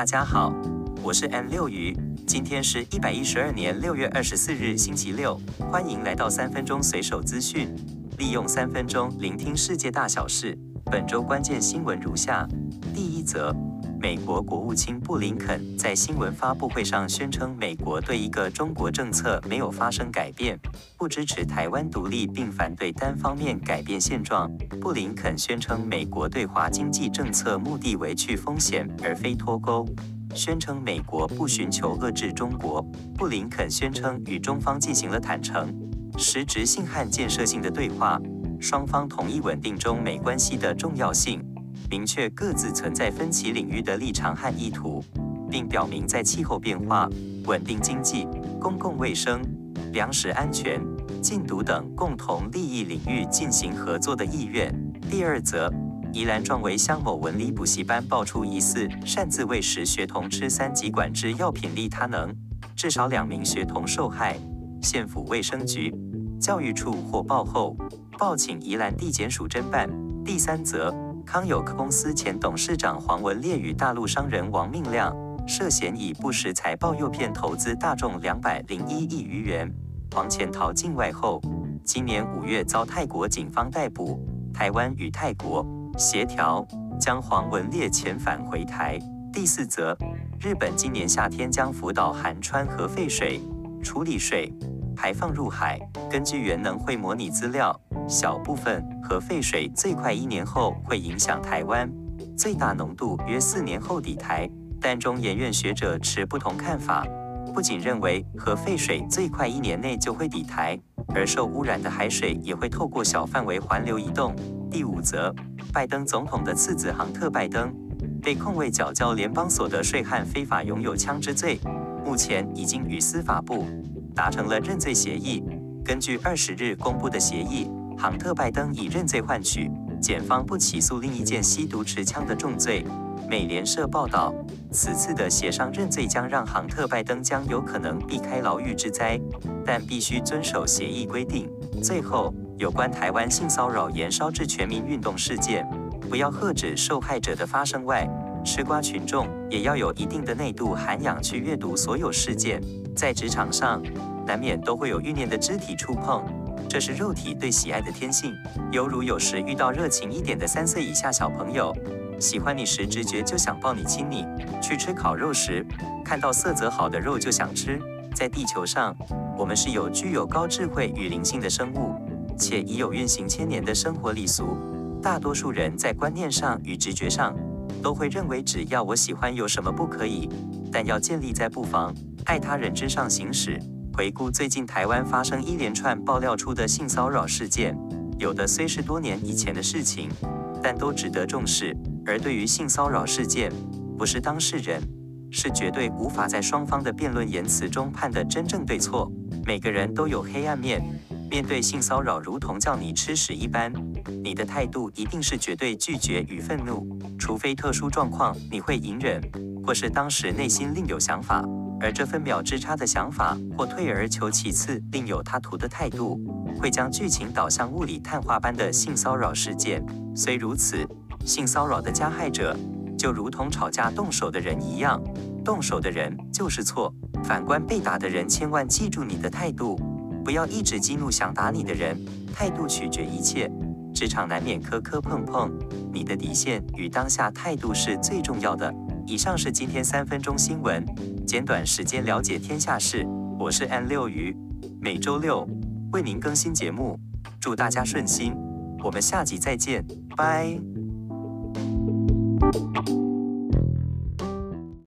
大家好，我是 M 六魚，今天是一百一十二年六月二十四日，星期六，歡迎來到三分鐘隨手資訊，利用三分鐘聆聽世界大小事。本周關鍵新聞如下：第一則。美國國務卿布林肯在新聞發布會上宣稱，美國對一個中國政策沒有發生改變，不支持台灣獨立，並反對單方面改變現狀。布林肯宣稱，美國對華經濟政策目的為去風險而非脫鈎。宣稱美國不尋求遏制中國。布林肯宣稱與中方進行了坦誠、實質性和建設性的對話，雙方同意穩定中美關係的重要性。明確各自存在分歧領域的立場和意圖，並表明在氣候變化、穩定經濟、公共衛生、糧食安全、禁毒等共同利益領域進行合作的意願。第二則，宜蘭壯圍鄉某文理補習班爆出疑似擅自餵食學童吃三級管制藥品利他能，至少兩名學童受害。縣府衛生局、教育處獲報後，報請宜蘭地檢署偵辦。第三則。康有克公司前董事長黃文烈與大陸商人王命亮涉嫌以不實財報誘騙投資大眾兩百零一億餘元。黃潛逃境外後，今年五月遭泰國警方逮捕。台灣與泰國協調，將黃文烈遣返回台。第四則，日本今年夏天將福島含氚核廢水處理水排放入海。根據原能會模擬資料，小部分核廢水最快一年後會影響台灣，最大濃度約四年後抵台。但中研院學者持不同看法，不僅認為核廢水最快一年內就會抵台，而受汙染的海水也會透過小範圍環流移動。第五則，拜登總統的次子杭特·拜登被控未繳交聯邦所得稅和非法擁有槍支罪，目前已經與司法部達成了認罪協議。根據二十日公布的協議。杭特·拜登以認罪換取檢方不起訴另一件吸毒持槍的重罪。美聯社報道，此次的協商認罪將讓杭特·拜登將有可能避開牢獄之災，但必須遵守協議規定。最後，有關台灣性騷擾延燒至全民運動事件，不要喝止受害者的發生外，吃瓜群眾也要有一定的內度涵養去閱讀所有事件。在職場上，難免都會有慾念的肢體觸碰。這是肉體對喜愛的天性，猶如有時遇到熱情一點的三歲以下小朋友，喜歡你時直覺就想抱你親你；去吃烤肉時，看到色澤好的肉就想吃。在地球上，我們是有具有高智慧與靈性的生物，且已有運行千年的生活禮俗。大多數人在觀念上與直覺上，都會認為只要我喜歡有什麼不可以，但要建立在不妨礙他人之上行使。回顧最近台灣發生一連串爆料出的性騷擾事件，有的雖是多年以前的事情，但都值得重視。而對於性騷擾事件，不是當事人是絕對無法在雙方的辯論言辭中判得真正對錯。每個人都有黑暗面，面對性騷擾如同叫你吃屎一般，你的態度一定是絕對拒絕與憤怒，除非特殊狀況你會隱忍，或是當時內心另有想法。而這分秒之差的想法，或退而求其次、另有他圖的態度，會將劇情導向霧裡探花般的性騷擾事件。雖如此，性騷擾的加害者就如同吵架動手的人一樣，動手的人就是錯。反觀被打的人，千萬記住你的態度，不要一直激怒想打你的人。態度取決一切，職場難免磕磕碰碰，碰，你的底線與當下態度是最重要的。以上是今天三分鐘新聞，簡短時間了解天下事。我是 M 六魚，每周六為您更新節目，祝大家順心。我們下集再見，拜。